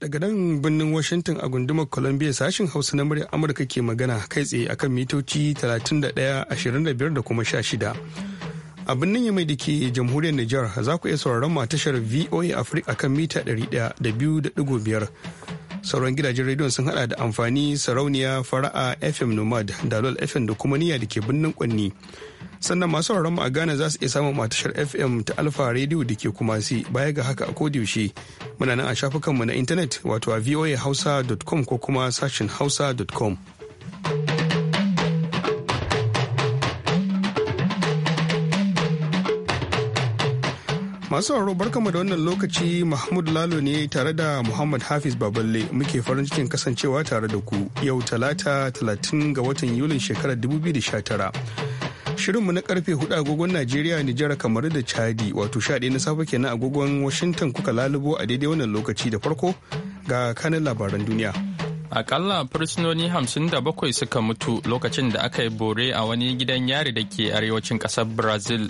daga nan birnin washington a gundumar columbia sashen hausa na murya amurka ke magana kai tsaye akan mitoci 31 da kuma 16 a birnin yamai da ke jamhuriyar nijar za ku iya sauraron ma tashar voa africa akan mita 100.5 sauran gidajen rediyon sun hada da amfani sarauniya fara'a fm nomad dalol fm da kuma niyya da ke birnin kwanni sannan masu mu a Ghana za su iya samun matashar FM ta alpha Radio da ke kuma si baya ga haka a kodiyaushe muna nan a shafukanmu na intanet wato a voahausa.com ko kuma sashin hausa.com. Masu sauraro mu da wannan lokaci Mahmud Lalo ne tare da Muhammad Hafiz Baballe muke farin cikin kasancewa tare da ku yau talata 30 ga watan Yulin shekarar 2019. Shirinmu na karfe hudu agogon Najeriya, Nijar, kamar da Chadi wato ɗaya na safe kenan agogon Washington kuka lalubo a daidai wannan lokaci da farko ga kanin labaran duniya. Akalla fursunoni bakwai suka mutu lokacin da aka yi bore a wani gidan yari da ke arewacin kasar Brazil.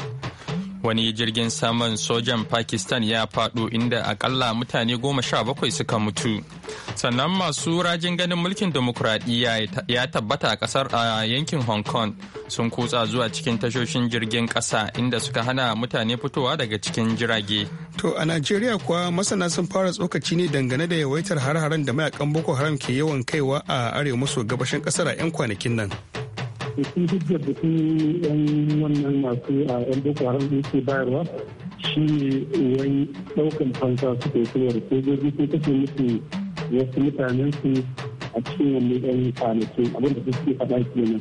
wani jirgin saman sojan pakistan ya faɗo inda akalla mutane goma sha bakwai suka mutu sannan masu rajin ganin mulkin demokuraɗiyya ya tabbata a ƙasar a yankin hong kong sun kutsa zuwa cikin tashoshin jirgin ƙasa inda suka hana mutane fitowa daga cikin jirage to a najeriya kuwa masana sun fara tsokaci ne dangane da yawaitar har-haren da mayakan boko haram ke yawan kaiwa a arewa maso gabashin ƙasar a 'yan kwanakin nan da sun hujjar da yan wannan masu a yan boko haram din ke bayarwa shi ne wani ɗaukan fansa suke ke kuma da sojoji sun kake musu wasu mutanen su a cikin wani yan kwanakin abinda suke faɗa kenan.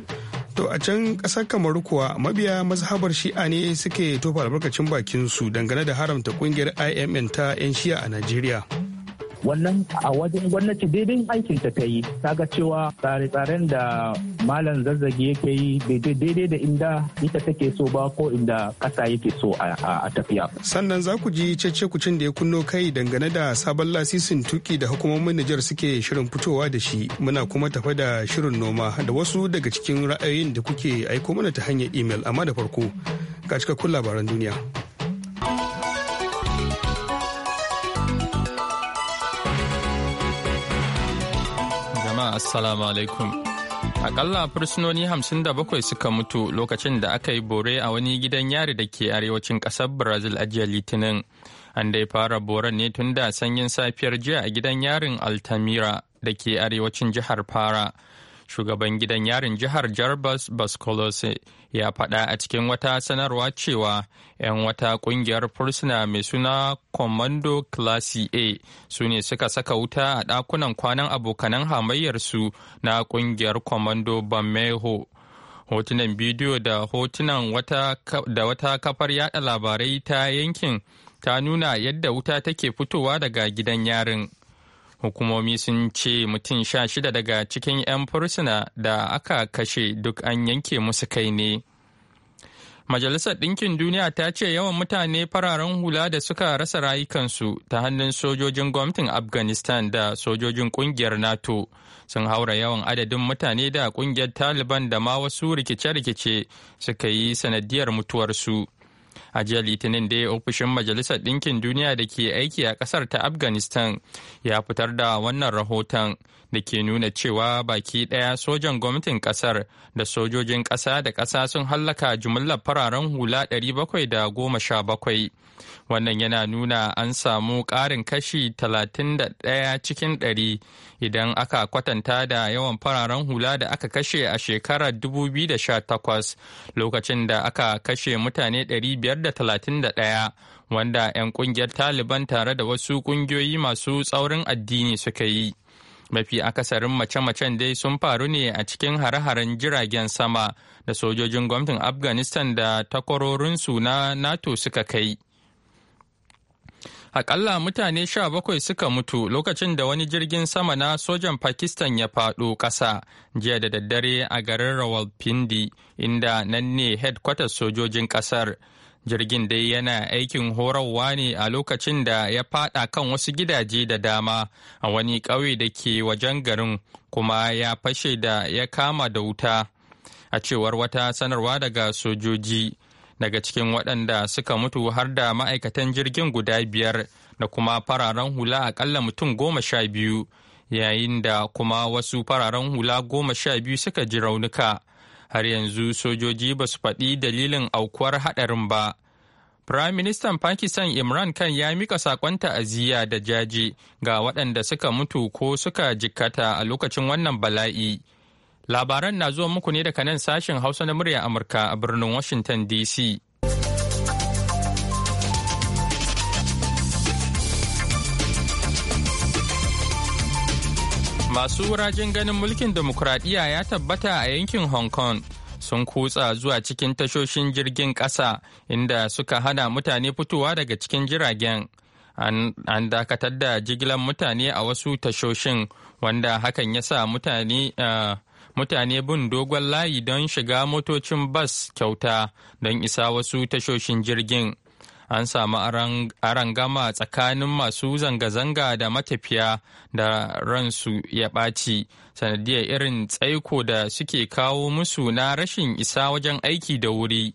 To a can ƙasar kamar kuwa mabiya mazhabar shi'a ne suke tofa albarkacin bakin su dangane da haramta kungiyar IMN ta 'yan shi'a a Najeriya. wannan a wajen gwamnati daidai aikin ta ta yi ga cewa tsare-tsaren da malam zazzage yake yi daidai da inda ita take so ba ko inda kasa yake so a tafiya sannan za ku ji cece kucin da ya kunno kai dangane da sabon lasisin tuki da hukumomin Nijar suke shirin fitowa da shi muna kuma tafa da shirin noma da wasu daga cikin ra'ayoyin da kuke aiko mana ta hanyar imel amma da farko ga cikakkun labaran duniya. assalamu alaikum akalla fursunoni bakwai suka mutu lokacin da aka yi bore a wani gidan yari da ke arewacin kasar brazil a jiya litinin an dai fara boren ne tun da sanyin safiyar jiya a gidan yarin altamira da ke arewacin jihar fara shugaban gidan yarin jihar jarbas baskolos ya faɗa a cikin wata sanarwa cewa 'yan wata ƙungiyar fursuna mai suna commando classy a su ne suka saka wuta a ɗakunan kwanan abokanan hamayyarsu na ƙungiyar commando bameho hotunan bidiyo da hotunan da wata kafar yada labarai ta yankin ta nuna yadda wuta take fitowa daga gidan yarin hukumomi sun ce mutum sha shida daga cikin 'yan fursuna da aka kashe duk an yanke musu kai ne majalisar ɗinkin duniya ta ce yawan mutane fararen hula da suka rasa rayukansu ta hannun sojojin gwamnatin afghanistan da sojojin ƙungiyar nato sun haura yawan adadin mutane da ƙungiyar taliban da ma wasu rikice-rikice suka yi sanadiyar mutuwarsu. a jiya litinin da ofishin majalisar ɗinkin duniya da ke aiki a ƙasar ta afghanistan ya fitar da wannan rahoton da ke nuna cewa baki ɗaya sojan gwamnatin ƙasar da sojojin ƙasa da ƙasa sun hallaka jumlar fararen hula 717 wannan yana nuna an samu ƙarin kashi 31 cikin 100 idan aka kwatanta da yawan fararen hula da aka kashe a shekarar 2018 lokacin da aka kashe mutane da talatin ɗaya wanda 'yan ƙungiyar taliban tare da wasu ƙungiyoyi masu tsaurin addini suka yi mafi akasarin mace-macen dai sun faru ne a cikin hare-haren jiragen sama da sojojin gwamnatin afghanistan da takwarorinsu na nato suka kai akalla mutane sha bakwai suka mutu lokacin da wani jirgin sama na sojan pakistan ya faɗo ƙasa jiya da daddare a garin rawalpindi inda nan ne headquarters sojojin ƙasar jirgin dai yana aikin horarwa ne a lokacin da ya fada kan wasu gidaje da dama a wani ƙauye da ke wajen garin kuma ya fashe da ya kama da wuta a cewar wata sanarwa daga sojoji daga cikin waɗanda suka mutu har da ma'aikatan jirgin guda biyar da kuma fararen hula aƙalla mutum goma sha biyu yayin da kuma wasu fararen hula goma sha biyu suka ji raunuka har yanzu sojoji ba su faɗi dalilin aukuwar haɗarin ba. Prime Minister Pakistan Imran Khan ya mika saƙon ta'aziyya da jaji ga waɗanda suka mutu ko suka jikkata a lokacin wannan bala'i. Labaran na zuwa muku ne daga nan sashen Hausa na murya Amurka a birnin Washington DC. Masu rajin ganin mulkin demokuraɗiyya ya tabbata a yankin Hong Kong sun kutsa zuwa cikin tashoshin jirgin ƙasa inda suka hana mutane fitowa daga cikin jiragen. An dakatar da jigilar mutane a wasu tashoshin wanda hakan ya sa mutane eh, mutane bin dogon layi don shiga motocin bas kyauta don isa wasu tashoshin jirgin. an samu arangama tsakanin masu zanga-zanga da matafiya da ransu ya ɓaci sanadiyar irin tsaiko da suke kawo musu na rashin isa wajen aiki da wuri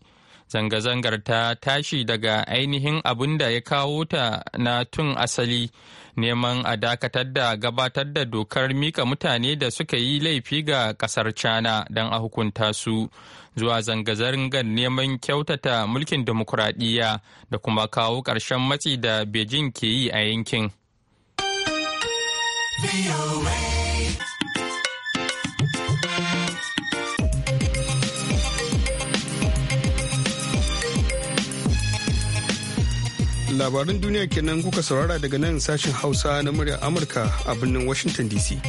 zanga-zangar ta tashi daga ainihin abin da ya kawo ta na tun asali neman a dakatar da gabatar da dokar mika mutane da suka yi laifi ga kasar china don a hukunta su zuwa zanga-zangar neman kyautata mulkin demokuraɗiyya da kuma kawo ƙarshen matsi da beijing ke yi a yankin. labaran duniya kenan kuka saurara daga nan sashen hausa na murya amurka a birnin washington dc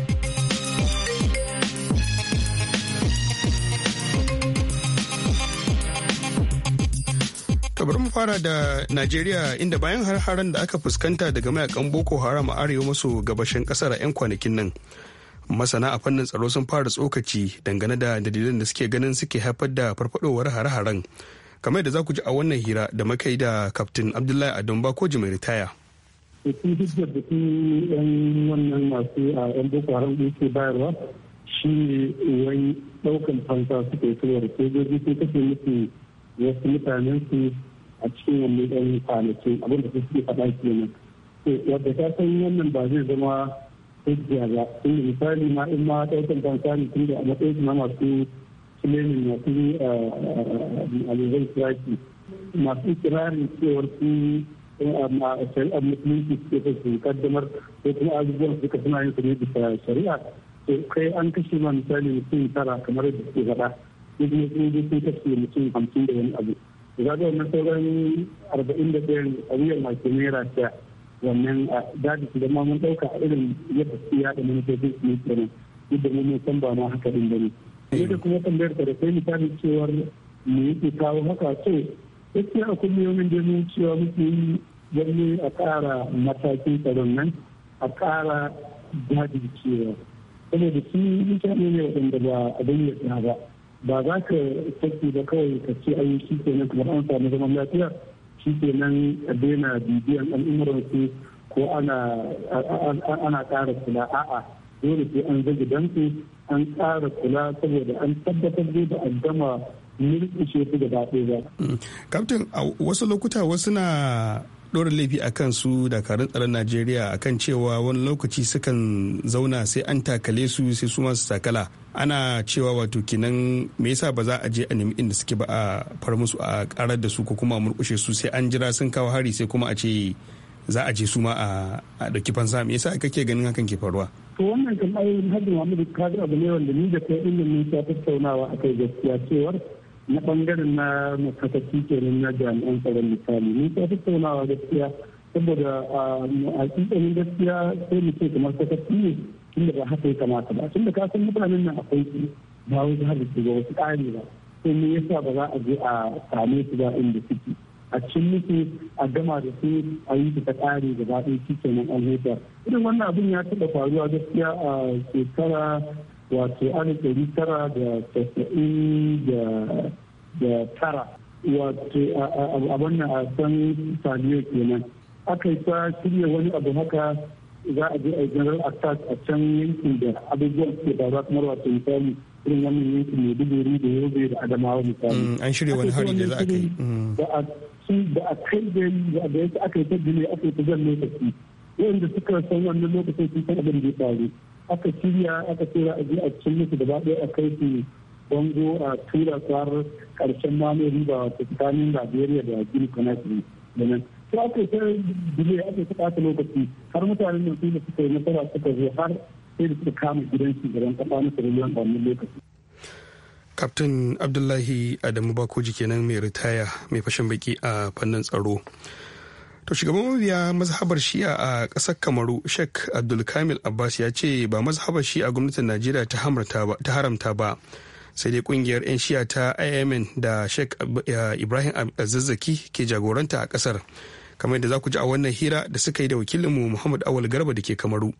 bari mu fara da Najeriya inda bayan har-haren da aka fuskanta daga mayakan Boko Haram a arewa maso gabashin kasar a 'yan kwanakin nan. Masana a fannin tsaro sun fara tsokaci dangane da dalilan da suke ganin suke haifar da farfadowar har-haren kamar da za ku ji a wannan hira da muka makai da kaftin abdullahi adon bakoji mai ritaya sun hujjar da su yan wannan masu a yan boko haram din ke bayarwa shi ne wani daukan fansa suka yi kawai sojoji sun kashe musu wasu mutanen su a cikin wannan yan kwanaki abin da suke faɗa kenan wadda ta san wannan ba zai zama hujja ba tunda misali ma in ma daukan fansa ne tunda a matsayin na masu claiming masu alhazai kiraki masu ikirarin cewar su shari'ar musulunci suke ta su kaddamar ko kuma abubuwan suka suna yin su ne bisa shari'a to kai an kashe ma misali mutum tara kamar yadda suke faɗa duk mutum sun kashe mutum hamsin da wani abu za ga wannan sauran arba'in da ɗayan ariyar masu naira ta wannan daji su zama mun ɗauka a irin yadda su yaɗa manufofin su ne kenan duk da mun san ba ma haka ɗin ba ne. da kuma tambayar da kai misalin cewar mu yake kawo haka so gaskiya a kulliyomin da mun cewa muke yi lalle a kara matakin tsaron nan a kara jajircewa saboda su mutane ne waɗanda ba abin yadda ba ba za ka tafi da kawai ka ce ayi shi kenan kamar an samu zaman lafiya shi nan a daina bibiyan al'umuransu ko ana ƙara kula a'a dole sai an zage dansu an ƙara kula saboda an tabbatar da addama mulkushe su gaba ɗaya ba. Kaftin mm. a wasu lokuta wasu na ɗora laifi a kan su dakarun tsaron Najeriya a kan cewa wani lokaci sukan zauna sai an takale su sai su masu takala. Ana cewa wato kenan me yasa ba za a je a nemi inda suke ba a far musu a karar da su ko kuma a murkushe su sai an jira sun kawo hari sai kuma a ce za a je su ma a ɗauki fansa me yasa kake ganin hakan ke faruwa? to wannan kan ayoyin hajji muhammadu kadir abu ne wanda ni da kai inda mun ta tattaunawa akai gaskiya cewar na bangaren na matakaki kenan na jami'an tsaron misali mun ta tattaunawa gaskiya saboda a tsitsanin gaskiya sai mu ce kamar sakaki ne tunda ba haka ya kamata ba tunda ka san mutanen nan akwai su ba wani halittu ba wasu ƙari ba sai me yasa ba za a je a same su ba inda suke a cikin muke a gama da su a yi ta kare gaba ɗaya cikin kenan an huta irin wannan abin ya taɓa faruwa gaskiya a shekara wato alif ɗari tara da tasa'in da tara wato a wannan a san ke kenan aka yi ta shirya wani abu haka za a je a general attack a can yankin da abubuwan ke za kamar wato misali irin wannan yankin mai duburi da yobe da adamawa misali mm, an shirya wani hari da za a kai shi da a kai da da yake aka yi ta aka yi ta lokaci wanda suka san wannan lokacin sun san abin da ya faru aka shirya aka tura a je a cikin musu gaba ɗaya a kai su bango a tura tsar karshen mamaye riba tsakanin Najeriya da Guinea Conakry da nan to aka yi ta aka yi ta ɓata lokaci har mutanen nan su da suka yi nasara suka zo har sai da suka kama gidan shugaban kasa na Sierra a wannan lokaci. kaftin abdullahi adamu bakoji kenan mai ritaya mai fashin baki a fannin tsaro to shugaban mabiya mazhabar shi'a a ƙasar kamaru sheikh abdulkamil abbas ya ce ba mazhabar shi'a gwamnatin najeriya ta haramta ba sai dai kungiyar 'yan shi'a ta imn da sheikh ibrahim azizaki ke jagoranta a ƙasar kamar yadda za ku ji a wannan hira da suka yi da wakilinmu muhammad awal garba da ke kamaru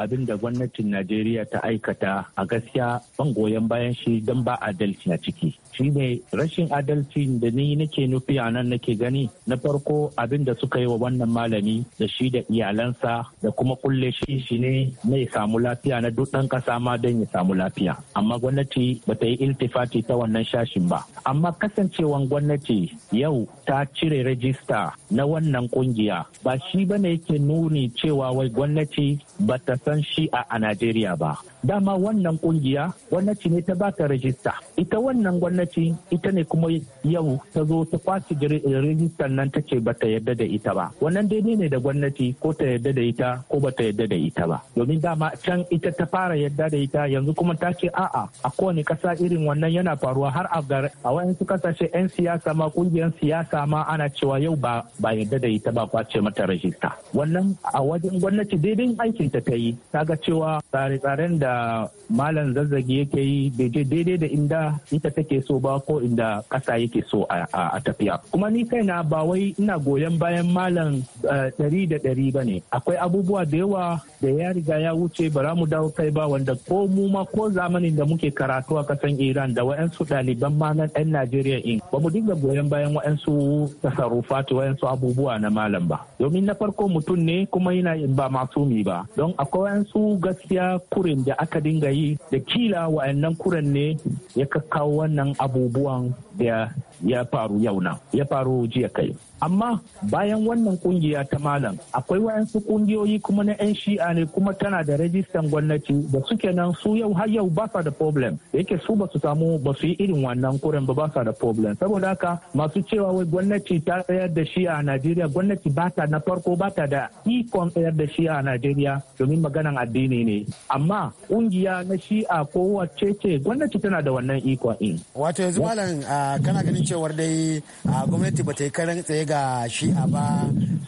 abin da gwamnatin najeriya ta aikata a gaskiya ban goyon bayan shi don ba adalci a ciki shi ne rashin adalci da ni nake nufi a nan nake gani na farko abin da suka yi wa wannan malami da shi da iyalansa da kuma kulle shi shi ne na ya samu lafiya na duk ɗan ƙasa ma don ya samu lafiya amma gwamnati ba ta yi iltifati ta wannan shashin ba amma kasancewan gwamnati yau ta cire rajista na wannan kungiya ba shi ne yake nuni cewa wai gwamnati ba ta san shi a Najeriya ba dama wannan kungiya gwamnati ne ta ba ta rajista ita wannan gwamnati gwamnati ita ne kuma yau ta zo ta kwace rijistar nan ta ce ba ta yarda da ita ba wannan daidai ne da gwamnati ko ta yarda da ita ko ba ta yarda da ita ba domin dama can ita ta fara yarda da ita yanzu kuma ta ce a'a a kowane kasa irin wannan yana faruwa har a gar a wayansu kasashe yan siyasa ma kungiyar siyasa ma ana cewa yau ba ba yarda da ita ba kwace mata rajista wannan a wajen gwamnati daidai aikin ta ta yi ta ga cewa tsare-tsaren da malam zazzagi yake yi daidai da inda ita take so so ba ko inda kasa yake so a tafiya kuma ni kaina ba wai ina goyon bayan malam eh, ɗari da ɗari ba ne akwai abubuwa da yawa da ya riga ya wuce bara mu dawo kai ba wanda ko mu ma ko zamanin da muke karatu a kasan iran da wa'yansu ɗaliban ma na ɗan najeriya in ba mu dinga goyon bayan wa'yansu tasarrufatu wa'yansu abubuwa na malam ba domin na farko mutum ne kuma yana ba masumi ba don akwai wa'yansu gaskiya kurin da aka dinga yi da kila wa'annan kuren ne ya kawo wannan abubuwan da ya faru yau na ya faru jiya kai amma bayan wannan kungiya ta malam akwai wayansu kungiyoyi kuma na 'yan shi'a ne kuma tana da rajistan gwamnati da suke nan su yau har yau ba sa da problem da yake su ba su samu ba su yi irin wannan kuren ba ba sa da problem saboda haka masu cewa wai gwamnati ta tsayar da shia a Najeriya gwamnati ba ta na farko ba ta da ikon tsayar da shi a Najeriya domin maganan addini ne amma kungiya na shi'a ko wacce ce gwamnati tana da wannan ikon in wato yanzu malam ah, kana ganin cewar dai ah, gwamnati ba ta yi karan tsaye ga shi'a ba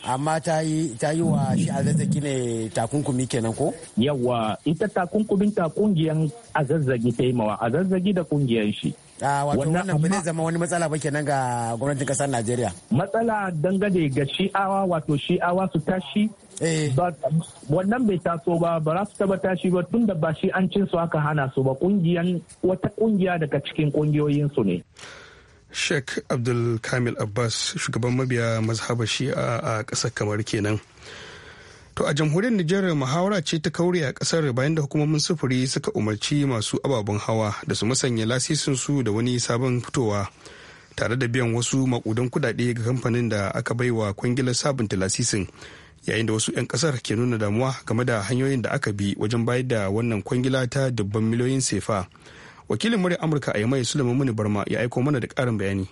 amma ta yi wa shi'a zazzagi ne takunkumi kenan ko? Yawwa ita takunkumin ta kungiyan azazzagi ta yi mawa azazzagi da kungiyan shi. wato wannan ba zai zama wani matsala ba kenan ga gwamnatin kasar Najeriya. Matsala dangane ga shi'awa wato shi'awa su tashi eh. wannan bai taso ba ba za su taba tashi ba tun da ba shi an cin su aka hana su ba kungiyan wata kungiya daga cikin kungiyoyin su ne. sheikh abdul kamil abbas shugaban mabiya mazhabar shi'a a ƙasar kamar kenan to a jamhuriyar nijar muhawara ce ta kauri a ƙasar bayan da hukumomin sufuri suka umarci masu ababen hawa da su musanya lasisin su da wani sabon fitowa tare da biyan wasu makudan kudade ga kamfanin da aka baiwa kwangilar sabunta lasisin yayin da wasu 'yan kasar ke nuna damuwa game da hanyoyin da aka bi wajen bayar da wannan kwangila ta dubban miliyoyin sefa wakilin murya amurka a yamai suleiman muni barma ya aiko mana da karin bayani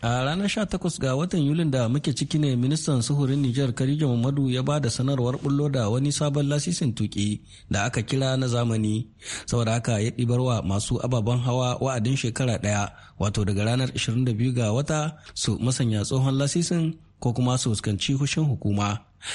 a ranar 18 ga watan yulin da muke ciki ne ministan suhurin nijar karijo mamadu ya ba da sanarwar bullo da wani sabon lasisin tuki da aka kira na zamani saboda haka ya ɗibar wa masu ababen hawa wa'adin shekara ɗaya wato daga ranar 22 ga wata su masanya tsohon lasisin ko kuma su fuskanci hushin hukuma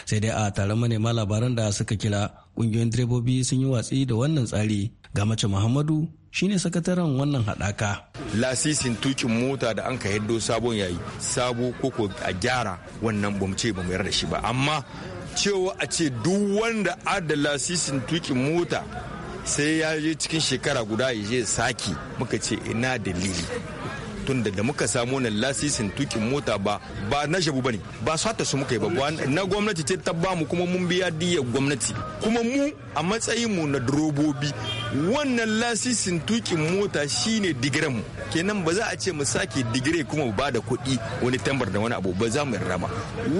sai dai a taron manema labaran da suka kira ƙungiyoyin direbobi sun yi watsi da wannan tsari ga mace muhammadu shine sakataren wannan haɗaka. lasisin tukin mota da an ka yaddo sabon yayi sabo koko a gyara wannan bamu ce ba mu yarda shi ba amma cewa a ce duk wanda adda lasisin tukin mota sai ya je cikin shekara guda ya je saki muka ce ina dalili tunda da muka samu wannan lasisin tukin mota ba ba na shabu bane ba sata su muka yi ba na gwamnati ce ta bamu kuma mun biya diyya gwamnati kuma mu a matsayin mu na durobobi wannan lasisin tukin mota shine digiren mu kenan ba za a ce mu sake digire kuma ba da kuɗi wani tambar da wani abu ba za mu rama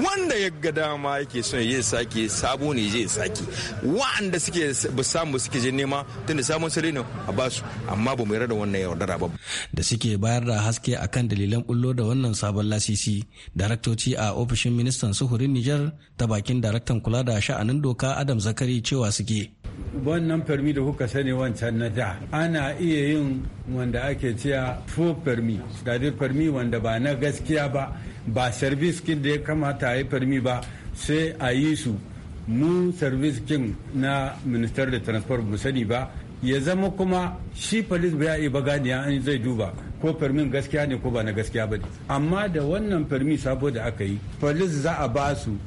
wanda ya ga dama yake son ya sake sabo ne zai sake wa'anda suke ba samu suke je nema tunda samun sare ne a basu amma ba mu yarda da wannan yaudara ba da suke bayar da haske akan dalilan bullo da wannan sabon lasisi daraktoci a ofishin ministan suhurin Nijar ta bakin daraktan kula da sha'anin doka Adam Zakari cewa suke wannan farmi da kuka sani wancan na da ana iya yin wanda ake cewa fo farmi gadir farmi wanda ba na gaskiya ba ba service kin da ya kamata a yi farmi ba sai a yi su mu service kin na minister da transport mu sani ba ya zama kuma shi police ba ya ba baganiya an zai duba ko farmin gaskiya ne ko ba na gaskiya ba amma da wannan farmi sabo da aka yi police za a ba su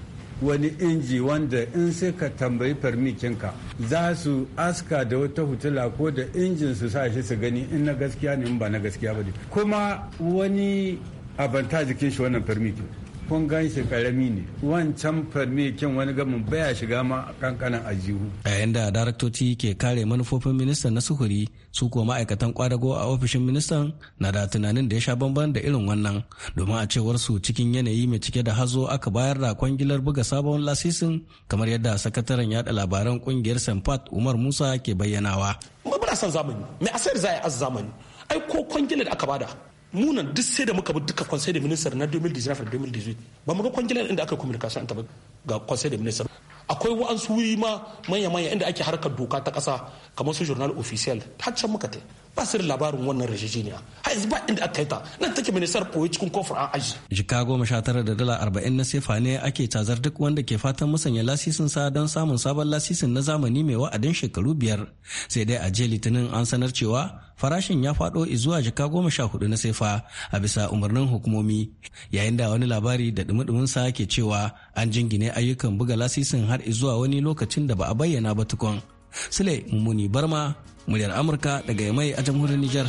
wani inji wanda in sai ka tambayi farmikinka za su aska da wata hutula ko da injin su sa shi su gani in na gaskiya ne in ba na gaskiya ba kuma wani abanta jikin shi wannan farmikin kun gan shi karami ne wancan farmekin wani gamin baya shiga ma kankanin ajihu yayin da daraktoci ke kare manufofin ministan na suhuri su kuwa ma'aikatan kwadago a ofishin ministan na da tunanin da ya sha bamban da irin wannan domin a cewar su cikin yanayi mai cike da hazo aka bayar da kwangilar buga sabon lasisin kamar yadda sakataren yada labaran kungiyar sanfat umar musa ke bayyanawa muna son zamani mai asayar za a zamani ai ko kwangilar aka bada munan duk sai da muka bi duka conseil da ministre na 2019 2018 ba mu ga kwangilar inda aka communication ta ga conseil da ministre akwai wa'ansu wuri ma manya-manya inda ake harkar doka ta kasa kamar su journal official ta can muka tai ba su da labarin wannan rashijiniya har yanzu ba inda aka yi ta nan take ministar koyi cikin kofar an aji. jika goma sha tara da dala arba'in na sefa ne ake tazar duk wanda ke fatan musanya lasisin sa don samun sabon lasisin na zamani mai wa'adin shekaru biyar sai dai a jiya litinin an sanar cewa farashin ya fado zuwa jika goma sha hudu na sefa a bisa umarnin hukumomi yayin da wani labari da dumi sa ke cewa an jingine ayyukan buga lasisin har zuwa wani lokacin da ba a bayyana ba tukun. Sule Muni Barma, muryar Amurka daga Yamai a jamhuriyar Nijar.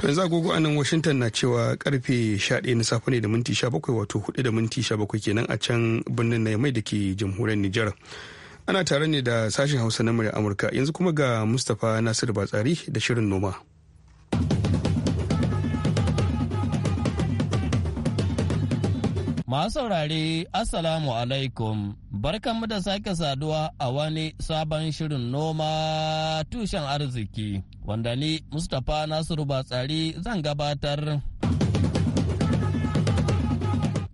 To yanzu agogo a nan Washington na cewa karfe 11 na safe ne da minti 17 wato 4 da minti 17 kenan a can birnin na mai da ke jamhuriyar Nijar. Ana tare ne da sashen Hausa na murya Amurka yanzu kuma ga Mustapha Nasiru Batsari da shirin noma. Masu saurare Assalamu alaikum, barkanmu da sake saduwa a wani sabon shirin noma tushen arziki, wanda ni Mustapha Nasiru Batsari zan gabatar.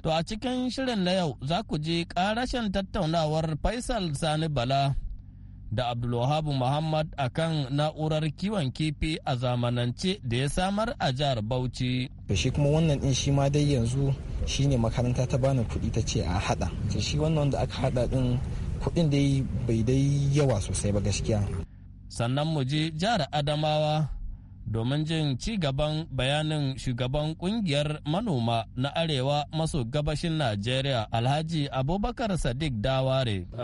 To a cikin shirin na yau za ku ji ƙarashin tattaunawar Faisal Sani Bala. da abdulwahab Muhammad a kan na'urar kiwon kifi a zamanance da ya samar a jihar Bauchi. Shi kuma wannan din shi ma dai yanzu shi ne makaranta ta bani kuɗi ta ce a haɗa. Shi wannan da aka haɗa din kuɗin dai bai dai yawa sosai ba gaskiya. Sannan mu je jihar Adamawa domin jin ci gaban bayanin shugaban kungiyar manoma na arewa maso gabashin najeriya alhaji abubakar sadiq daware eh,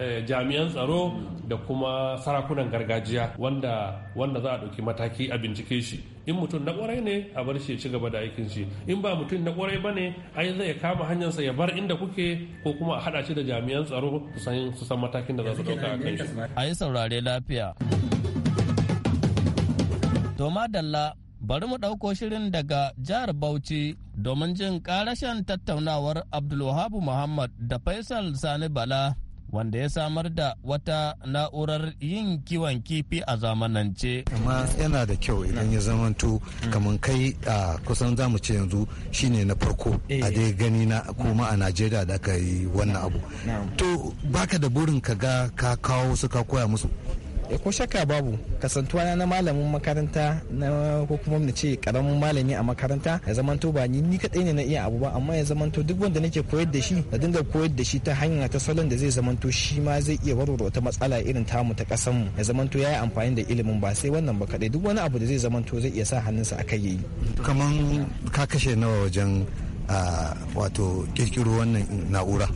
eh, jami'an tsaro da kuma sarakunan gargajiya wanda wanda za a ɗauki mataki a bincike shi in mutum na kwarai ne a bar shi ci gaba da aikin shi in ba mutum na kwarai ba ne ai zai kama hanyarsa ya bar inda kuke ko kuma a haɗa shi da jami'an tsaro su san matakin da za su ɗauka a kan shi saurare lafiya To madalla bari mu ɗauko shirin daga jihar Bauchi domin jin karashen tattaunawar Abdulwahabu Muhammad da Faisal Sani Bala wanda ya samar da wata na'urar yin kiwon kifi a zamanance. Amma yana da kyau idan ya zamanto kamar kai a kusan zamu ce yanzu shine na farko a eh. dai gani na kuma a Najeriya da aka yi wannan abu. To baka da burin ka ga ka kawo su ka koya musu. Eh, ko shakka babu kasantuwa na malamin makaranta na ko kuma na ce karamin malami a makaranta ya zamanto ba ni ni kadai ne na iya abu ba amma ya zamanto duk wanda nake koyar da shi na dinga koyar da shi ta hanya ta salon da zai zamanto shi ma zai iya warware wata matsala irin tamu ta kasan mu ya zamanto yayi amfani da ilimin ba sai wannan ba kadai duk wani abu da zai zamanto zai iya sa hannunsa akai yayi kaman ka kashe nawa wajen ah, wato kirkiro wannan na'ura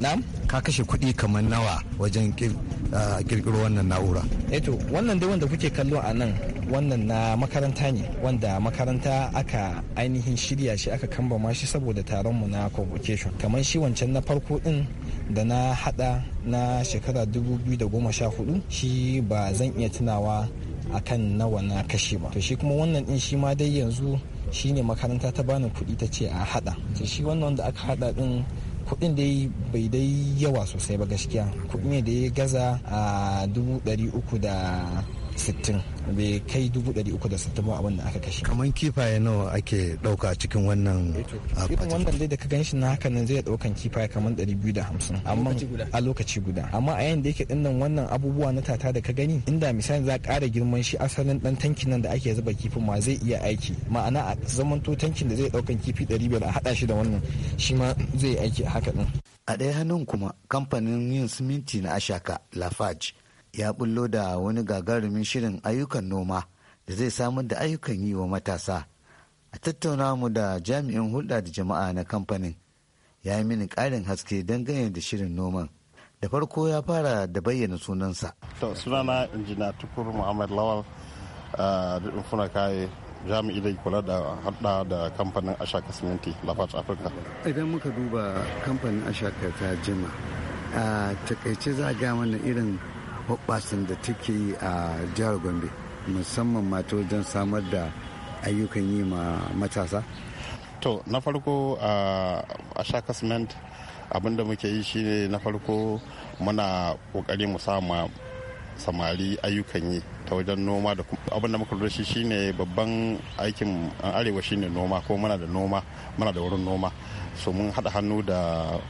na'am ka kashe kuɗi kamar nawa wajen kirkiro wannan na'ura eto eh wannan dai wanda kuke kallo a nan wannan na makaranta ne wanda makaranta aka ainihin shirya shi aka kambama shi saboda taron mu na convocation kamar shi wancan na farko din da na hada na shekara 2014 shi ba zan iya tunawa a kan nawa na kashe ba to shi kuma wannan din shi ma dai yanzu shi ne makaranta ta bani kuɗi ta ce a hada to shi wannan da aka hada din kuɗin da bai dai yawa sosai ba gaskiya kuɗi ne da ya gaza a dubu ɗari uku da sittin bai kai dubu ɗari uku da sittin ba abin da aka kashe. Kaman kifaye nawa ake ɗauka cikin wannan. Eh ah, irin wannan dai da ka gan shi na haka nan zai ɗaukan kifaye kaman ɗari biyu da hamsin. Amma a lokaci guda. Amma a yayin da yake ɗin nan wannan abubuwa na tata da ka gani inda misali za a ƙara girman shi asalin ɗan tankin nan da ake zuba kifin ma zai iya aiki. Ma'ana a zamanto tankin da zai ɗaukan kifi ɗari biyar a haɗa shi da wannan shi ma zai aiki haka ɗin. A ɗaya hannun kuma kamfanin yin siminti na Ashaka Lafarge ya bullo da wani gagarumin shirin ayyukan noma da zai samar da ayyukan yi wa matasa a tattauna mu da jami'in hulɗa da jama'a na kamfanin ya yi mini ƙarin haske dangane da shirin noman da farko ya fara da bayyana sunansa to sunana injina tukur muhammad lawal da funa kaye jami'i da kula da hada da kamfanin ashaka siminti lafas afirka idan muka duba kamfanin ashaka ta jima a takaice za a ga mana irin hoɓɓasin da take yi a jihar gombe musamman mata wajen samar da ayyukan yi ma matasa to na farko a shaka abinda muke yi shine na farko muna kokari mu sama samari ayyukan yi ta wajen noma da abin da muka lura shi shine babban aikin an arewa shine noma ko muna da noma muna da wurin noma so mun hada hannu da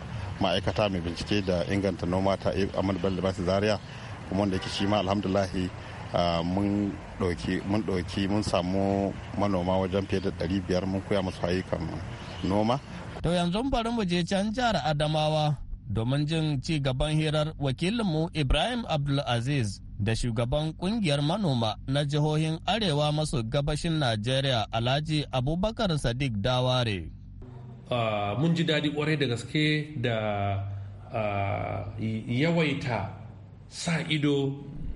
ma'aikata mai bincike da inganta noma ta amal bello zaria kuma wanda yake shi ma alhamdulahi ah, mun ɗauki mun samu manoma wajen fiye da 500 mun koya musu ayyukan noma. To yanzu bari mu je can jihar Adamawa domin jin ci gaban hirar wakilinmu Ibrahim Abdulaziz da shugaban kungiyar manoma na jihohin Arewa maso gabashin Najeriya Alhaji Abubakar Sadiq Daware. Ah, mun ji daɗi kwarai da gaske da ah, yawaita sa ido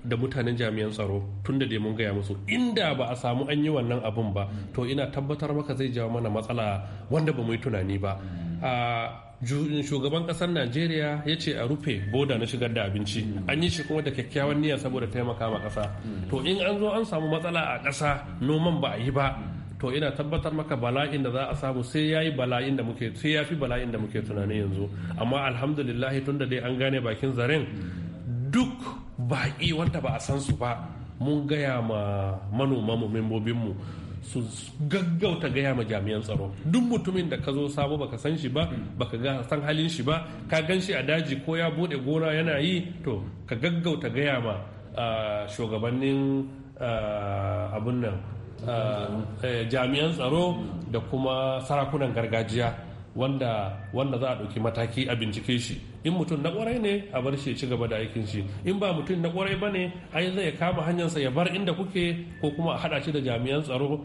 da mutanen jami'an tsaro tun da mun gaya musu inda ba a samu an yi wannan abun ba to ina tabbatar maka zai jawo mana matsala wanda ba mu yi tunani ba shugaban kasar najeriya ya ce a rufe boda na shigar da abinci an yi shi kuma da kyakkyawan niyya saboda taimaka ma kasa to in an zo an samu matsala a kasa noman ba a yi ba to ina tabbatar maka bala'in da za a samu sai yi bala'in da muke sai yafi bala'in da muke tunani yanzu amma alhamdulillah tun da dai an gane bakin zaren duk baƙi wanda ba a san su ba mun gaya ma manoma mu membobinmu su gaggauta gaya ma jami'an tsaro duk mutumin da ka zo sabo baka san shi ba baka ga san halin shi ba ka gan shi a daji ko ya bude gona yana yi to ka gaggauta gaya ma shugabannin abun nan eh, jami'an tsaro da kuma sarakunan gargajiya wanda wanda za a ɗauki mataki a bincike shi in mutum na kwarai ne a bar shi ci gaba da aikin shi in ba mutum na kwarai ba ne ai zai kama hanyarsa ya bar inda kuke ko kuma a haɗa shi da jami'an tsaro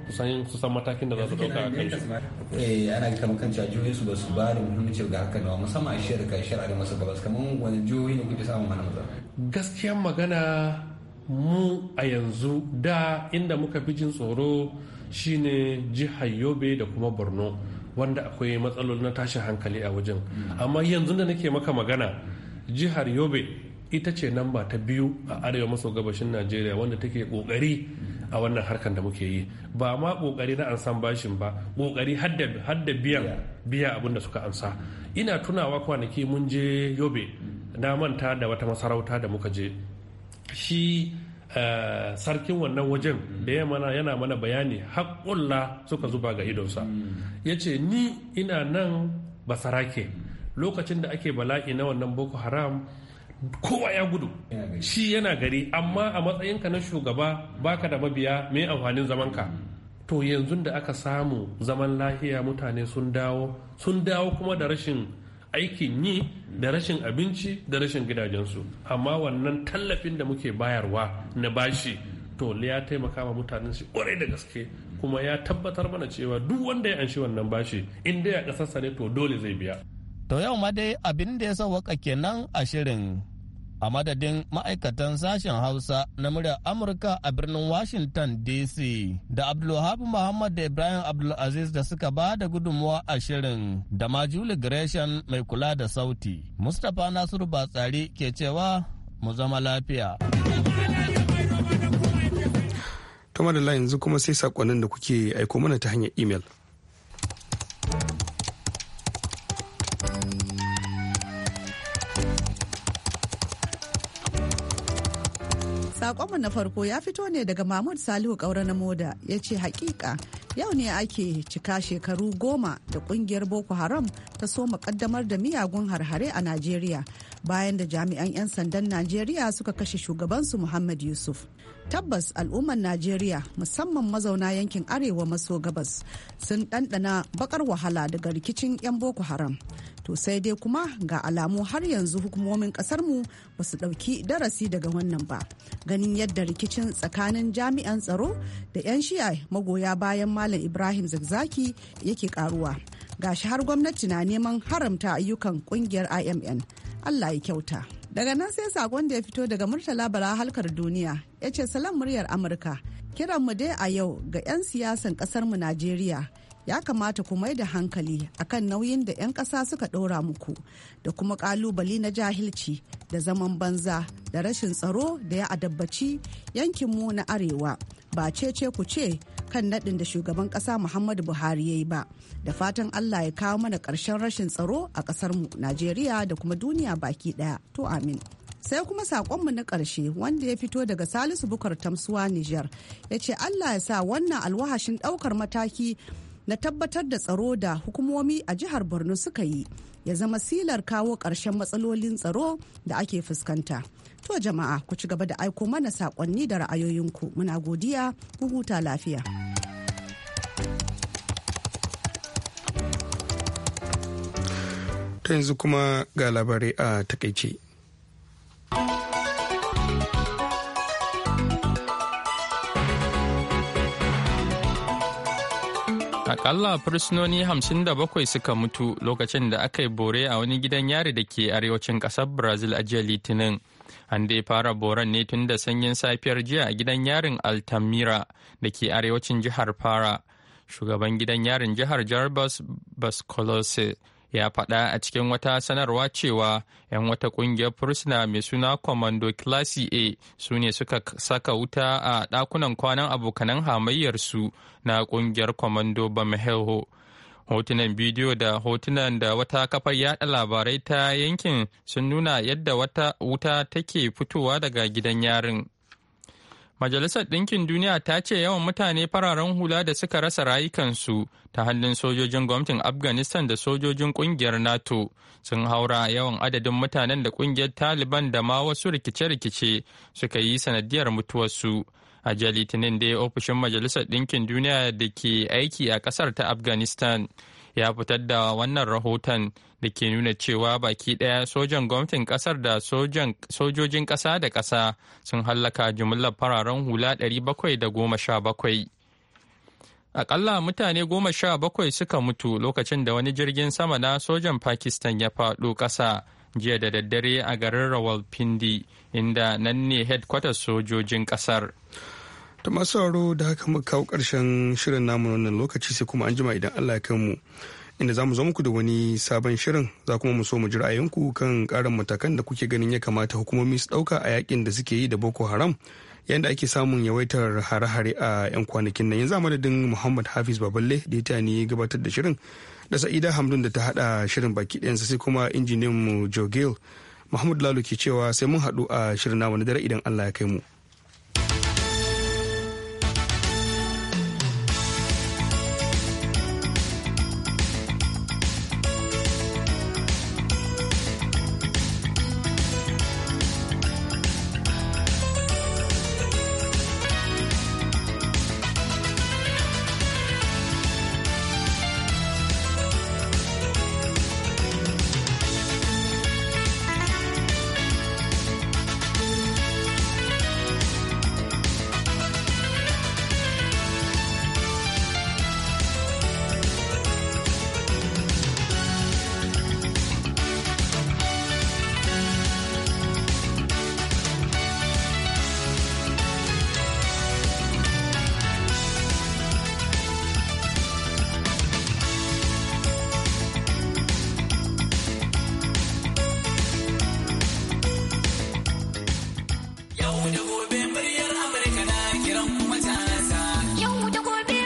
su san matakin da za su ɗauka a kai shi. Eh, ana ga kan cewa jihohi su ba su ba da muhimmanci ga hakan ba musamman a shirka kai da arewa masu gabas kaman wani jihohi ne kuke samun mana matsala. gaskiyar magana mu a yanzu da inda muka fi jin tsoro shine jihar yobe da kuma borno. wanda akwai matsalolin na tashin hankali a wajen mm. amma yanzu da nake maka magana jihar yobe ita ce namba ta biyu a arewa maso gabashin najeriya wanda take kokari mm. a wannan harkar da muke yi ba ma kokari na ansan bashin ba kokari hadda biyan biya abin da suka ansa ina tunawa kwanaki mun je yobe mm. na manta da wata masarauta da muka je shi Eh, sarkin wannan wajen da ya mana yana mana bayani haƙƙulla suka zuba ga idonsa ya ce ni ina nan basarake lokacin da ake bala'i na wannan boko haram kowa ya gudu shi yana gari amma a matsayinka na shugaba baka da mabiya mai amfanin zamanka to yanzu da aka samu zaman lahiya mutane sun dawo sun dawo kuma da rashin aikin yi da rashin abinci da rashin gidajensu amma wannan tallafin da muke bayarwa na bashi to ya taimaka wa mutanen shi kwarai da gaske kuma ya tabbatar mana cewa duk wanda ya anshi wannan bashi in dai a ƙasarsa ne to dole zai biya to yau ma dai abin da ya sauwaka kenan a shirin a madadin ma'aikatan sashen hausa na muryar amurka a birnin washington dc da abdulwahab muhammad da ibrahim abdulaziz da suka ba da gudunmuwa a shirin da ma julie gresham mai kula da sauti mustapha nasiru batsari ke cewa mu zama lafiya tuma da yanzu kuma sai sakonnin da kuke aiko mana ta hanyar imel. Sakonmu na farko ya fito ne daga Mahmud Salihu Kaura na Moda ya ce hakika yau ne ake cika shekaru goma da kungiyar Boko Haram ta soma kaddamar da miyagun harhare a Najeriya bayan da jami'an 'yan sandan Najeriya suka kashe shugabansu Muhammad Yusuf. Tabbas al'ummar Najeriya musamman mazauna yankin arewa maso gabas sun ɗanɗana bakar wahala daga rikicin 'yan Boko Haram. to sai dai kuma ga alamu har yanzu hukumomin kasarmu ba su ɗauki darasi daga wannan ba ganin yadda rikicin tsakanin jami'an tsaro da 'yan shi'a magoya bayan malam ibrahim zagzaki yake karuwa shi har gwamnati na neman haramta ayyukan kungiyar imn allah ya kyauta daga nan sai sakon da ya fito daga murtala bara halkar duniya ya ce salam muryar amurka kiran mu dai a yau ga 'yan siyasan kasarmu najeriya ya kamata ku mai da hankali kan nauyin da 'yan ƙasa suka ɗora muku da kuma ƙalubali na jahilci da zaman banza da rashin tsaro da ya adabbaci yankinmu na arewa ba cece ku ce kan naɗin da shugaban ƙasa muhammadu buhari ya yi ba da fatan allah ya kawo mana ƙarshen rashin tsaro a ƙasarmu najeriya da kuma duniya baki ɗaya to amin sai kuma saƙonmu na ƙarshe wanda ya fito daga salisu bukar tamsuwa nijar ya ce allah ya sa wannan alwahashin ɗaukar mataki na tabbatar da tsaro da hukumomi a jihar borno suka yi ya zama silar kawo ƙarshen matsalolin tsaro da ake fuskanta to jama'a ku ci gaba da aiko mana saƙonni da ra'ayoyinku muna godiya ku huta lafiya ta yanzu kuma ga labarai a takaice Akalla fursunoni bakwai suka mutu lokacin da aka yi bore a wani gidan yari da ke arewacin kasar Brazil a jiya Litinin. An dai fara boran ne tun da sanyin safiyar jiya a gidan yarin Altamira da ke arewacin jihar Fara. Shugaban gidan yarin jihar Jarbas Bascolose ya faɗa a cikin wata sanarwa cewa 'yan wata ƙungiyar fursuna mai suna commando classy a su ne suka saka wuta a ɗakunan kwanan abokanan hamayyarsu na ƙungiyar commando bamhelho hotunan bidiyo da hotunan da wata kafar yada labarai ta yankin sun nuna yadda wata wuta take fitowa daga gidan yarin Majalisar Ɗinkin Duniya ta ce yawan mutane fararen hula da suka rasa rayukansu ta hannun sojojin gwamnatin Afghanistan da sojojin ƙungiyar NATO sun haura yawan adadin mutanen da ƙungiyar Taliban da ma wasu rikice-rikice suka yi sanadiyar mutuwarsu. A jiya Litinin dai ofishin Majalisar Ɗinkin Duniya da ke aiki a ƙasar ta Afghanistan ya fitar da wannan rahoton da ke nuna cewa baki ɗaya sojan gwamnatin ƙasar da sojojin ƙasa da ƙasa sun hallaka jumlar fararen hula 717. Aƙalla mutane goma sha bakwai suka mutu lokacin da wani jirgin sama na sojan Pakistan ya faɗo ƙasa jiya da daddare a garin Rawalpindi inda nan ne headquarters sojojin ƙasar. da masu sauraro da haka muka kawo karshen shirin namu wannan lokaci sai kuma an jima idan Allah ya kai mu inda za zo muku da wani sabon shirin za kuma mu so mu ji ra'ayinku kan karin matakan da kuke ganin ya kamata hukumomi su ɗauka a yakin da suke yi da boko haram yadda ake samun yawaitar hare-hare a 'yan kwanakin nan yanzu a madadin muhammad hafiz baballe da ya tani gabatar da shirin da sa'ida hamdun da ta hada shirin baki ɗayansa sai kuma injiniyan mu jogel muhammad lalu ke cewa sai mun haɗu a shirin namu na dare idan allah ya kai mu.